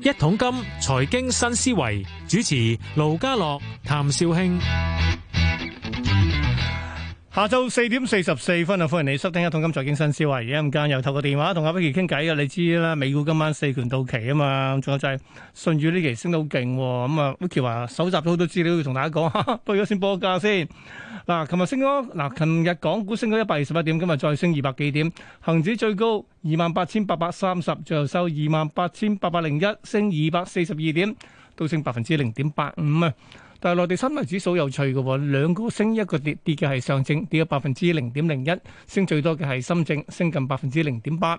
一桶金財經新思維，主持盧家樂、譚紹興。下晝四點四十四分啊，歡迎你收聽一《一桶金財經新思維》。而家午間又透過電話同阿 Vicky 傾偈嘅，你知啦。美股今晚四權到期啊嘛，仲有就係、是、新系呢期升得好勁。咁啊，Vicky 話搜集咗好多資料要同大家講，不如我先報個價先。嗱、啊，琴日升咗，嗱、啊，琴日港股升咗一百二十八點，今日再升二百幾點。恒指最高二萬八千八百三十，最後收二萬八千八百零一，升二百四十二點，都升百分之零點八五啊。但係內地三大指數有趣嘅，兩個升一個跌，跌嘅係上證跌咗百分之零點零一，升最多嘅係深證升近百分之零點八。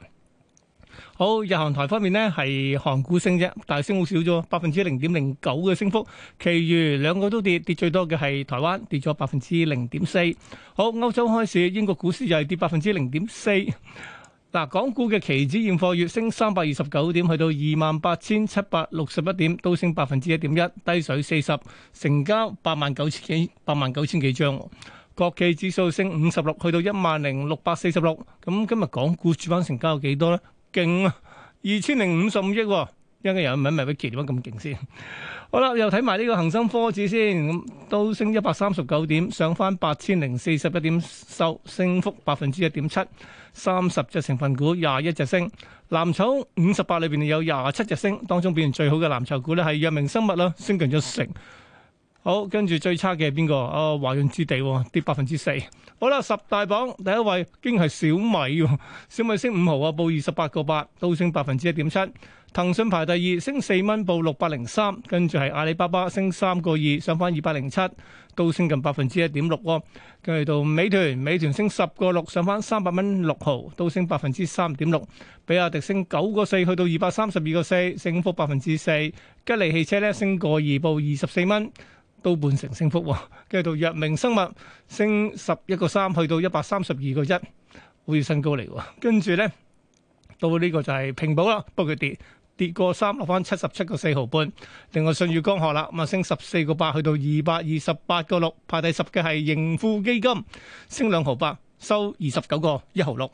好，日韓台方面呢係韓股升啫，但係升好少咗，百分之零點零九嘅升幅，其餘兩個都跌，跌最多嘅係台灣跌咗百分之零點四。好，歐洲開市，英國股市又係跌百分之零點四。嗱，港股嘅期指現貨月升三百二十九點，去到二萬八千七百六十一點，都升百分之一點一，低水四十，成交八萬九千幾，八萬九千幾張。國企指數升五十六，去到一萬零六百四十六。咁今日港股主板成交有幾多呢？勁啊，二千零五十五億啊。一陣間有人問：咪會期點解咁勁先？好啦，又睇埋呢個恒生科指先，咁都升一百三十九點，上返八千零四十一點，收升幅百分之一點七。三十隻成分股廿一隻升，藍籌五十八裏邊有廿七隻升，當中表現最好嘅藍籌股咧係藥明生物啦，升近咗成。好，跟住最差嘅係邊個？啊、哦，華潤置地、哦、跌百分之四。好啦，十大榜第一位竟然係小米、哦，小米升五毫啊，報二十八個八，都升百分之一點七。騰訊排第二，升四蚊，報六百零三，跟住係阿里巴巴升三個二，上翻二百零七，都升近百分之一點六。跟住到美團，美團升十個六，上翻三百蚊六毫，都升百分之三點六。比亞迪升九個四，去到二百三十二個四，升幅百分之四。吉利汽車咧升個二，報二十四蚊。都半成升幅，繼續到藥明生物升十一個三，去到一百三十二個一，好似新高嚟。跟住呢，到呢個就係平保啦，不過跌跌個三，落翻七十七個四毫半。另外信譽江河啦，咁啊升十四個八，去到二百二十八個六，排第十嘅係盈富基金，升兩毫八，收二十九個一毫六。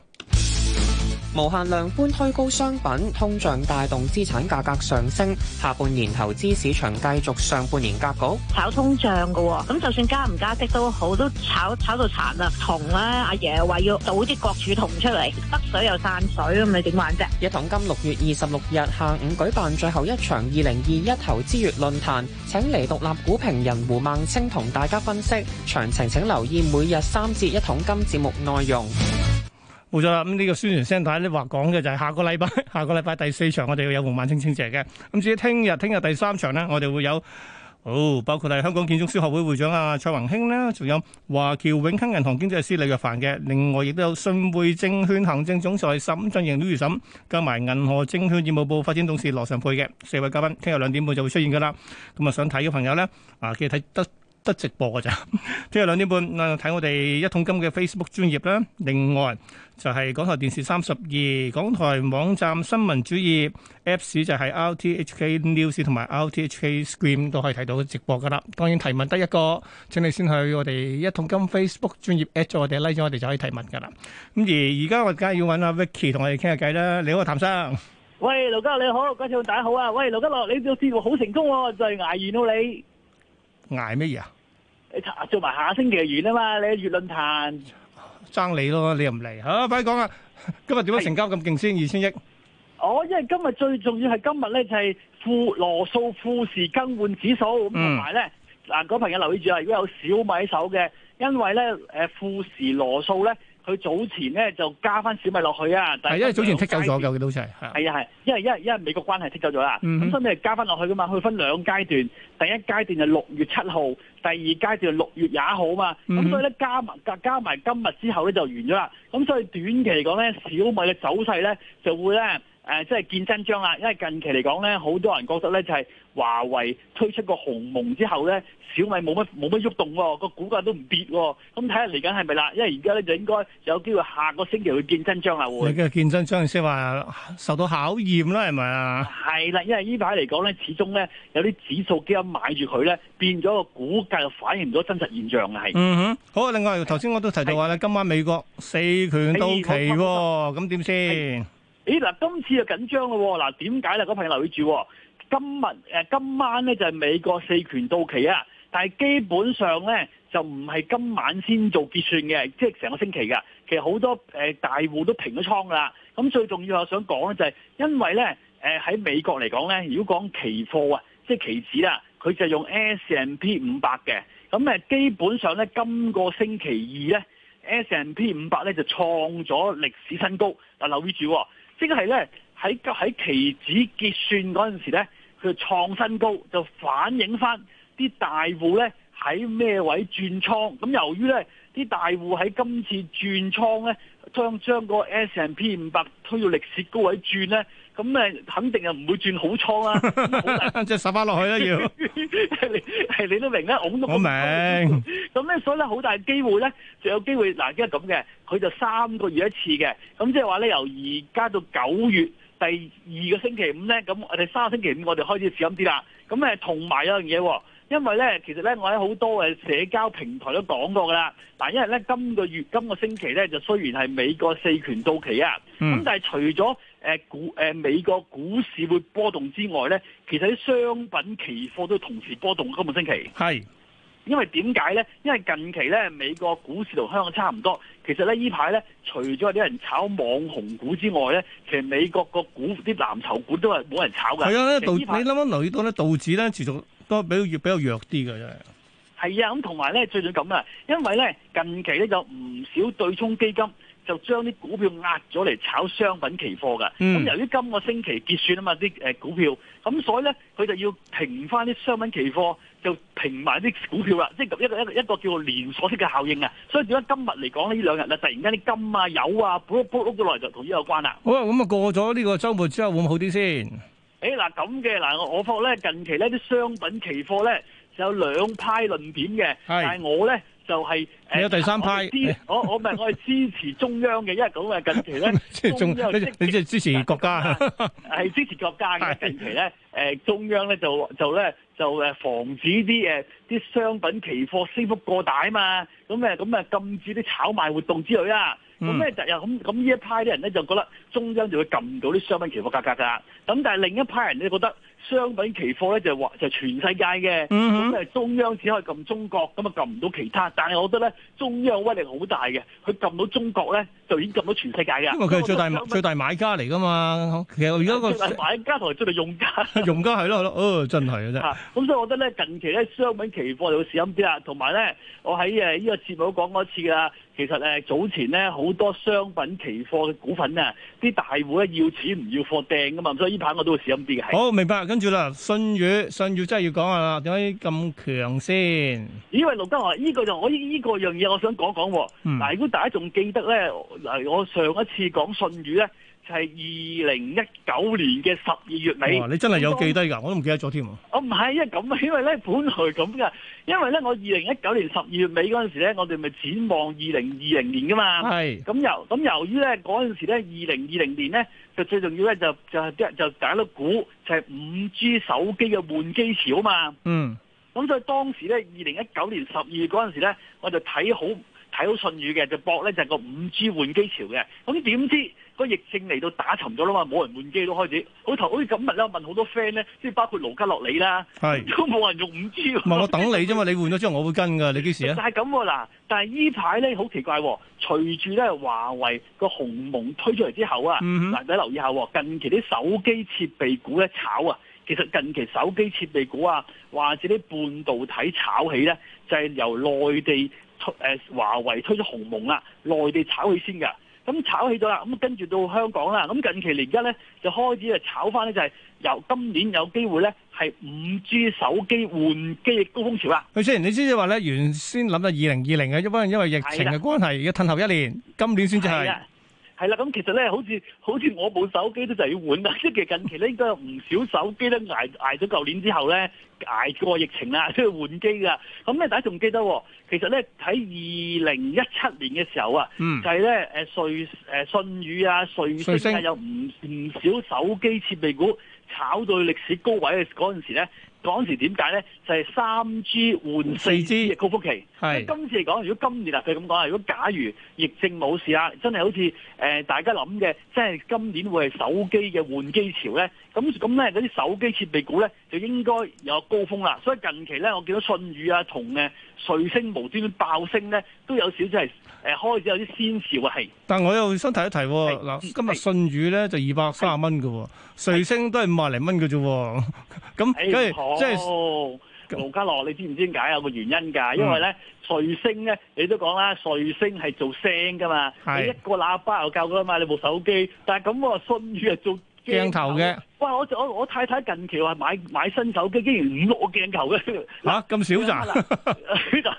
無限量般推高商品，通脹帶動資產價格上升。下半年投資市場繼續上半年格局，炒通脹噶，咁就算加唔加息都好，都炒炒到殘啦。銅，呢，阿爺話要倒啲國儲銅出嚟，得水又散水咁，你點玩啫？一桶金六月二十六日下午舉辦最後一場二零二一投資月論壇，請嚟獨立股評人胡孟青同大家分析詳情，請留意每日三節一桶金節目內容。冇咗啦，咁呢個宣傳聲帶咧話講嘅就係下個禮拜，下個禮拜第四場我哋會有黃萬青清姐嘅，咁至於聽日聽日第三場咧，我哋會有好包括係香港建築師學會會長啊蔡宏興咧，仲有華僑永亨銀行經濟師李若凡嘅，另外亦都有信匯證券行政總裁沈俊瑩女士，加埋銀河證券業務部發展董事羅尚佩嘅四位嘉賓，聽日兩點半就會出現噶啦。咁啊，想睇嘅朋友咧，啊，記得得。得直播噶咋？聽日兩點半，睇我哋一桶金嘅 Facebook 專頁啦。另外就係港台電視三十二、港台網站新聞主頁 Apps 就係 RTHK News 同埋 RTHK Screen 都可以睇到直播噶啦。當然提問得一個，請你先去我哋一桶金 Facebook 專頁 at 咗我哋，拉咗我哋就可以提問噶啦。咁而而家我梗係要揾阿 Vicky 同我哋傾下偈啦。你好，譚生。喂，劉家樂你好，各位聽眾大家好啊！喂，劉家樂，你呢度節目好成功喎，就係挨完到你。挨乜嘢啊？你做埋下星期完啊嘛，你喺月論壇爭你咯，你又唔嚟嚇？快啲講啊！今日點解成交咁勁先二千億？哦，因為今日最重要係今日咧就係富羅素富時更換指數，咁同埋咧嗱，個朋友留意住啊！如果有小米手嘅，因為咧誒富時羅素咧。佢早前咧就加翻小米落去啊，係因為早前剔走咗嘅都係，係啊係，因為因為因為美國關係剔走咗啦，咁所以加翻落去噶嘛，佢分兩階段，第一階段就六月七號，第二階段六月廿號嘛，咁、嗯、所以咧加埋加埋今日之後咧就完咗啦，咁所以短期嚟講咧小米嘅走勢咧就會咧。誒，即係見真章啦！因為近期嚟講咧，好多人覺得咧就係華為推出個鴻蒙之後咧，小米冇乜冇乜喐動喎，個股價都唔跌喎。咁睇下嚟緊係咪啦？因為而家咧就應該有機會下個星期會見真章啦。你嘅見真章先話受到考驗啦，係咪啊？係啦，因為呢排嚟講咧，始終咧有啲指數基金買住佢咧，變咗個股價就反映唔到真實現象嘅係。嗯哼，好啊！另外頭先我都提到話啦，今晚美國四權到期喎，咁點先？咦嗱，今次就緊張咯喎！嗱，點解咧？個朋友留意住，今日今晚咧就係美國四權到期啊！但係基本上咧就唔係今晚先做結算嘅，即係成個星期㗎。其實好多大戶都平咗倉㗎啦。咁最重要我想講咧就係因為咧喺美國嚟講咧，如果講期貨啊，即係期指啊，佢就係用 S＆P 五百嘅。咁基本上咧今個星期二咧 S＆P 五百咧就創咗歷史新高。嗱，留意住。即係咧喺喺期指結算嗰陣時咧，佢創新高，就反映翻啲大戶咧喺咩位轉倉。咁由於咧。啲大戶喺今次轉倉咧，將將個 S&P 五百推到歷史高位轉咧，咁肯定又唔會轉好倉啦、啊，即係十翻落去啦要，係 你，你都明啦，我明。咁 咧，所以咧好大機會咧，就有機會嗱，因為咁嘅，佢就三個月一次嘅，咁即係話咧由而家到九月第二個星期五咧，咁我哋三個星期五我哋開始小心啲啦。咁誒，同埋一樣嘢喎。因為咧，其實咧，我喺好多嘅社交平台都講過噶啦。但因為咧，今個月，今個星期咧，就雖然係美國四權到期啊，咁、嗯、但係除咗誒股誒美國股市會波動之外咧，其實啲商品期貨都同時波動。今個星期係因為點解咧？因為近期咧，美國股市同香港差唔多。其實咧，呢排咧，除咗有啲人炒網紅股之外咧，其實美國個股啲藍籌股都係冇人炒噶。係啊，咧導你諗諗，留意到咧，道指咧持續。都比較弱，比較弱啲嘅，真係，係啊。咁同埋咧，最重要咁啊，因為咧近期咧有唔少對沖基金就將啲股票壓咗嚟炒商品期貨㗎，咁由於今個星期結算啊嘛啲誒股票，咁所以咧佢就要平返啲商品期貨，就平埋啲股票啦，即係一個一個一個叫做連鎖式嘅效應啊，所以點解今日嚟講呢兩日咧突然間啲金啊油啊碌碌碌咗落嚟就同呢個有關啊，好啊咁啊過咗呢個週末之後會唔會好啲先？誒、哎，嗱咁嘅，嗱我我覺咧近期咧啲商品期貨咧就有兩派論點嘅，但係我咧就係、是、誒，有第三派，呃、我 D, 我咪我係支持中央嘅，因為咁啊，近期咧中央即係 你即係支持國家，係、啊、支持國家嘅。 近期咧，誒、呃、中央咧就就咧就誒防止啲誒啲商品期貨升幅過大啊嘛，咁誒咁啊禁止啲炒賣活動之類啊。咁、嗯、咩？咁咁呢一派啲人咧就覺得中央就會撳唔到啲商品期貨價格㗎。咁但係另一派人咧覺得商品期貨咧就話就全世界嘅。咁啊中央只可以撳中國，咁啊撳唔到其他。但係我覺得咧中央威力好大嘅，佢撳到中國咧就已經撳到全世界㗎。因為佢係最大最大買家嚟㗎嘛。其實而家個買家同埋最大用家。 用家係咯係咯。哦，真係嘅啫。咁、嗯、所以我覺得咧近期咧商品期貨就會市暗啲啦。同埋咧我喺誒呢個節目都講過一次㗎啦。其實誒，早前咧好多商品期貨嘅股份啊，啲大戶咧要錢唔要貨掟㗎嘛，所以呢排我都會試咁啲嘅。好，明白。跟住啦，信譽，信譽真係要講下啦，點解咁強先？咦，喂，陸德華呢、這個就我呢呢、這個樣嘢，我想講講。嗱、嗯，如果大家仲記得咧，嗱，我上一次講信譽咧。係二零一九年嘅十二月尾，你真係有記低㗎？我都唔記得咗添。我唔係，因為咁啊，因為咧本來咁嘅，因為咧我二零一九年十二月尾嗰陣時咧，我哋咪展望二零二零年㗎嘛。係咁由咁由於咧嗰陣時咧，二零二零年咧就最重要咧就就係啲就第一碌估，就係五 G 手機嘅換機潮啊嘛。嗯。咁所以當時咧，二零一九年十二月嗰陣時咧，我就睇好睇好信譽嘅，就博咧就係個五 G 換機潮嘅。咁點知？那個疫症嚟到打沉咗啦嘛，冇人換機都開始。好頭好似今日啦，問好多 friend 咧，即係包括盧卡洛里啦，都冇人用五 G 唔係我等你啫嘛， 你換咗之後我會跟㗎。你幾時啊？就係咁嗱，但係依排咧好奇怪，隨住咧華為個鴻蒙推出嚟之後啊、嗯，大家留意一下近期啲手機設備股咧炒啊，其實近期手機設備股啊，或者啲半導體炒起咧，就係、係、由內地誒、呃、華為推出鴻蒙啦，內地炒起先㗎。咁炒起咗啦，咁跟住到香港啦。咁近期嚟而家咧就開始炒翻咧，就係由今年有機會咧係五 G 手機換機嘅高峰潮啦。雖然你先至話咧，原先諗到二零二零嘅，因為因為疫情嘅關係要褪後一年，今年先至係。係啦，咁其實咧，好似好似我部手機都就要換啦，即係近期咧，應該有唔少手機咧捱咗到舊年之後咧，捱過疫情啦，都要換機㗎。咁咧，大家仲記得呢？其實咧，喺二零一七年嘅時候啊、嗯，就係、是、咧，瑞信宇啊、瑞星啊，有唔唔少手機設備股炒到歷史高位嘅嗰陣時咧。當時點解咧？就係三 G 換四 G 嘅高峯期。咁今次嚟講，如果今年啊，佢咁講啊，如果假如疫症冇事啊，真係好似、呃、大家諗嘅，即係今年會係手機嘅換機潮咧，咁咁咧嗰啲手機設備股咧，就應該有高峰啦。所以近期咧，我見到舜宇啊，同嘅瑞聲無端端爆升咧，都有少少係誒開始有啲先兆嘅係，但我又想提一提、哦，嗱今日舜宇咧就二百卅蚊㗎喎。瑞聲都係五十零蚊嘅啫，咁即係即係盧嘉樂，你知唔知點解？有個原因噶，因為咧瑞聲咧，你都講啦，瑞聲係做聲噶嘛，你一個喇叭又夠噶啦嘛，你部手機，但係咁我信宇係做。鏡頭嘅哇！我我我太太近期話買買新手機，竟然五六個鏡頭嘅吓咁少咋？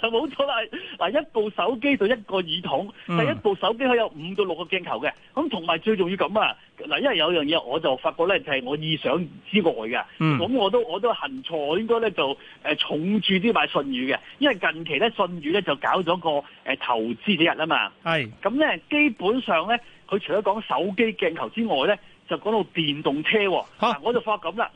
冇錯啦，嗱一部手機對一個耳筒、嗯，但一部手機可以有五到六個鏡頭嘅。咁同埋最重要咁啊嗱，因為有樣嘢我就發覺咧，就係、是、我意想之外嘅。咁、嗯啊、我都我都行錯，應該咧就誒、啊、重注啲買信譽嘅，因為近期咧信譽咧就搞咗個誒、啊、投資日啊嘛。係咁咧，基本上咧佢除咗講手機鏡頭之外咧。就講到電動車，嗱、啊、我就發咁啦，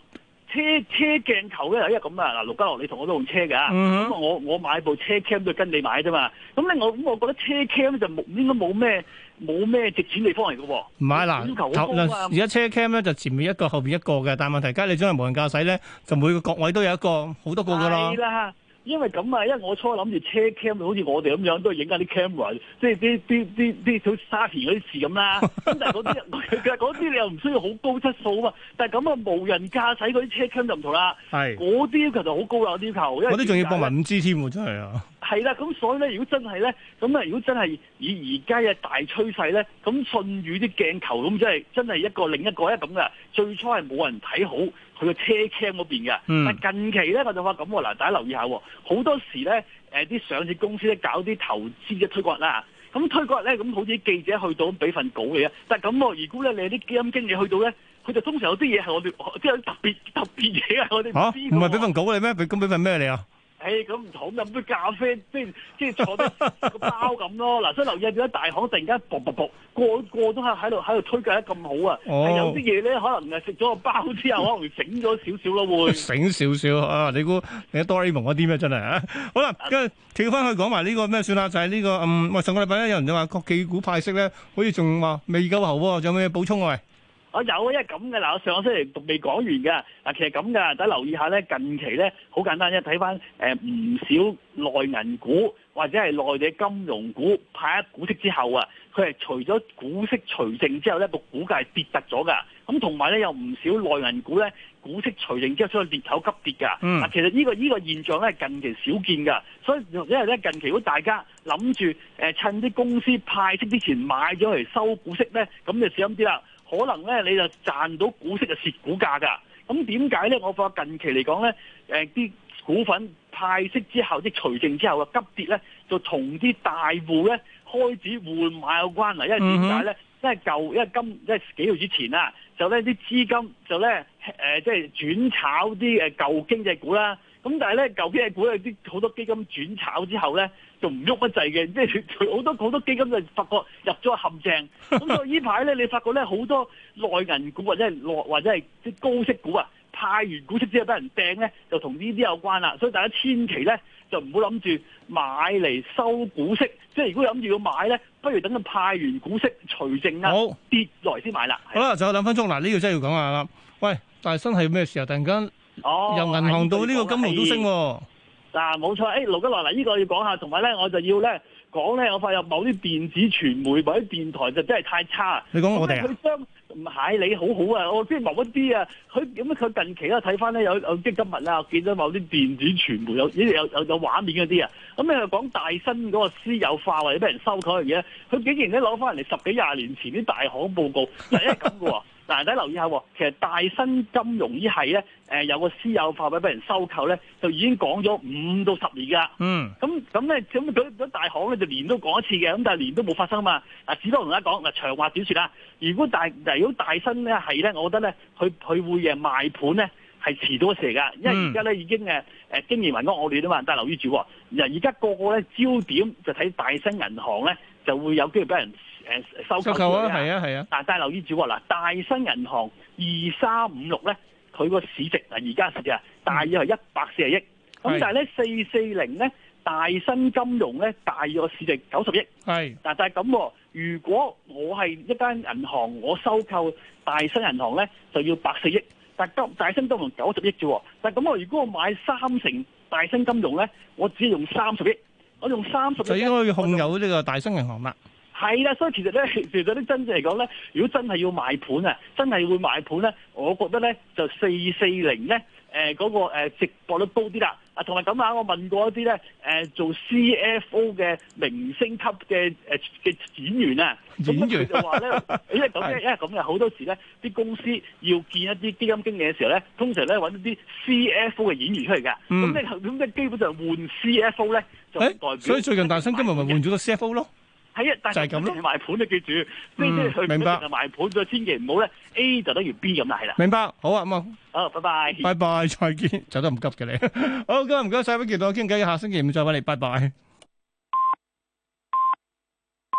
車車鏡頭咧又係咁啊！嗱，盧家樂，你同我都用車㗎，咁、嗯、我我買部車 cam 都跟你買啫嘛。咁咧我咁，我覺得車 cam 就冇應該冇咩冇咩值錢地方嚟嘅喎。唔係啦，需求好高啊！而家車 cam 咧、啊、就前面一個，後面一個嘅，但係問題，假如你將來無人駕駛咧，就每個角位都有一個好多個㗎啦。因為咁啊，因為我初諗住車 cam 好似我哋咁樣，都係影緊啲 camera，即係啲啲啲啲好似沙田嗰啲事咁啦。咁 但係嗰啲，啲你又唔需要好高質素啊。但係咁啊，無人駕駛嗰啲車 Cam 就唔同啦。嗰啲其實好高啲要求。嗰啲仲要博埋五 G 添喎，真係啊！係啦，咁所以咧，如果真係咧，咁啊，如果真係以而家嘅大趨勢咧，咁信譽啲鏡球，咁真係真係一個另一個一咁嘅。最初係冇人睇好。佢個車間嗰邊嘅，但近期咧我就話咁喎，嗱，大家留意下喎，好多時咧誒啲上市公司咧搞啲投資嘅推廣啦，咁推廣咧咁，好似記者去到俾份稿嚟嘅，但咁喎，如果咧你啲基金經理去到咧，佢就通常有啲嘢係我哋即係特別特別嘢啊，我哋唔知。唔係俾份稿你咩？咁俾份咩你啊？誒，咁唔同飲杯咖啡，即係即係坐得個包咁咯。嗱，所以留意咗點解大行，突然間 boom boom boom，個個都係喺度喺度推介得咁好啊。哦，有啲嘢咧，可能係食咗個包之後，可能會醒咗少少咯，會醒少少啊。你估你多啦 A 夢嗰啲咩真係吓？好啦，跟住跳翻去講埋呢個咩算啦？就係呢個嗯，喂，上個禮拜咧有人就話國企股派息咧，好似仲話未夠喉，仲有咩補充啊？喂我有啊，因為咁嘅，嗱,我上個星期仲未講完㗎。嗱，其實咁嘅，大家留意下咧，近期咧好簡單，即睇翻誒唔少內銀股或者係內地金融股派股息之後啊，佢係除咗股息除淨之後咧，個股價係跌突咗噶，咁同埋咧有唔少內銀股咧股息除淨之後，出現裂口急跌噶，嗱、嗯，其實呢、呢個呢、呢個現象咧近期少見噶，所以因為咧近期如果大家諗住誒趁啲公司派息之前買咗嚟收股息咧，咁就小心啲啦。可能咧，你就賺到股息就蝕股價㗎。咁點解咧？我發近期嚟講咧，啲股份派息之後，即除淨之後嘅急跌咧，就同啲大戶咧開始換買有關啊。因為點解咧？因為舊，因為今，因為幾月之前啦，就咧啲資金就咧即係轉炒啲誒舊經濟股啦。咁但係咧，舊經濟股有啲好多基金轉炒之後咧。仲唔喐一滯嘅，即係好多好多基金就發覺入咗陷阱。咁 所以呢排咧，你發覺咧好多內銀股或者係內或者係啲高息股啊，派完股息之後俾人掟咧，就同呢啲有關啦。所以大家千祈咧就唔好諗住買嚟收股息。即係如果諗住要買咧，不如等佢派完股息除淨啦，好跌落嚟先買啦。好啦，仲有兩分鐘，嗱呢個真係要講下啦。喂，大新系咩時候突然間、哦、由銀行到呢個金融都升喎？嗱，冇錯，誒、欸，盧吉落嚟呢個要講下，同埋咧，我就要咧講咧，我發現某啲電子傳媒、或者電台就真係太差。你講我哋，啊，即佢將唔係你好好啊，我先某一啲啊，佢咁佢近期咧睇翻咧有有即係今日啦，見到某啲電子傳媒有有有有畫面嗰啲啊，咁你又講大新嗰個私有化或者俾人收購嘅嘢，佢竟然咧攞翻人哋十幾廿年前啲大行報告，就係咁嘅喎。 嗱，大家留意下喎，其實大新金融呢係咧，誒有個私有化或者俾人收購咧，就已經講咗五到十年噶啦。嗯。咁咁咧，咁佢大行咧，就年都講一次嘅，咁但係年都冇發生嘛。嗱，只不過同大家講，嗱，長話短說啦。如果大，如果大新咧係咧，我覺得咧，佢佢會誒賣盤咧係遲到時㗎，因為而家咧已經誒誒經營環境惡劣啊嘛。大家留意住，嗱，而家個個咧焦點就睇大新銀行咧，就會有機會俾人。收購啊，係啊，係啊。但係留意住嗱，大新銀行二三五六咧，佢個市值啊，而家市值啊，大約係一百四十億。咁但係咧四四零咧，大新金融咧大約市值九十億。係，嗱，就係咁。如果我係一間銀行，我收購大新銀行咧，就要百四億。但係大新金融九十億啫。但係咁我如果我買三成大新金融咧，我只用三十億，我用三十億，就應該控有呢個大新銀行啦。係啦，所以其實咧，其實嗰啲真正嚟講咧，如果真係要賣盤啊，真係會賣盤咧，我覺得咧就四四零咧，誒、呃、嗰、那個值博率高啲啦。啊，同埋咁啊，我問過一啲咧誒做 CFO 嘅明星級嘅嘅、呃、演員啊，演員就話咧，因為咁因為咁嘅，好多時咧啲公司要見一啲基金經理嘅時候咧，通常咧搵一啲 CFO 嘅演員出嚟嘅。咁即咁即基本上換 CFO 咧就代表、欸，所以最近大新今日咪換咗個 CFO 咯。係啊，就係咁啦。賣盤都記住，即係去唔得就賣盤，再千祈唔好咧。A 就等如 B 咁啦，係啦。明白，好啊，咁啊，拜拜，拜拜，再見。走得咁急嘅你，好，今日唔該晒，歡迎見到我傾偈，下星期五再揾你，拜拜。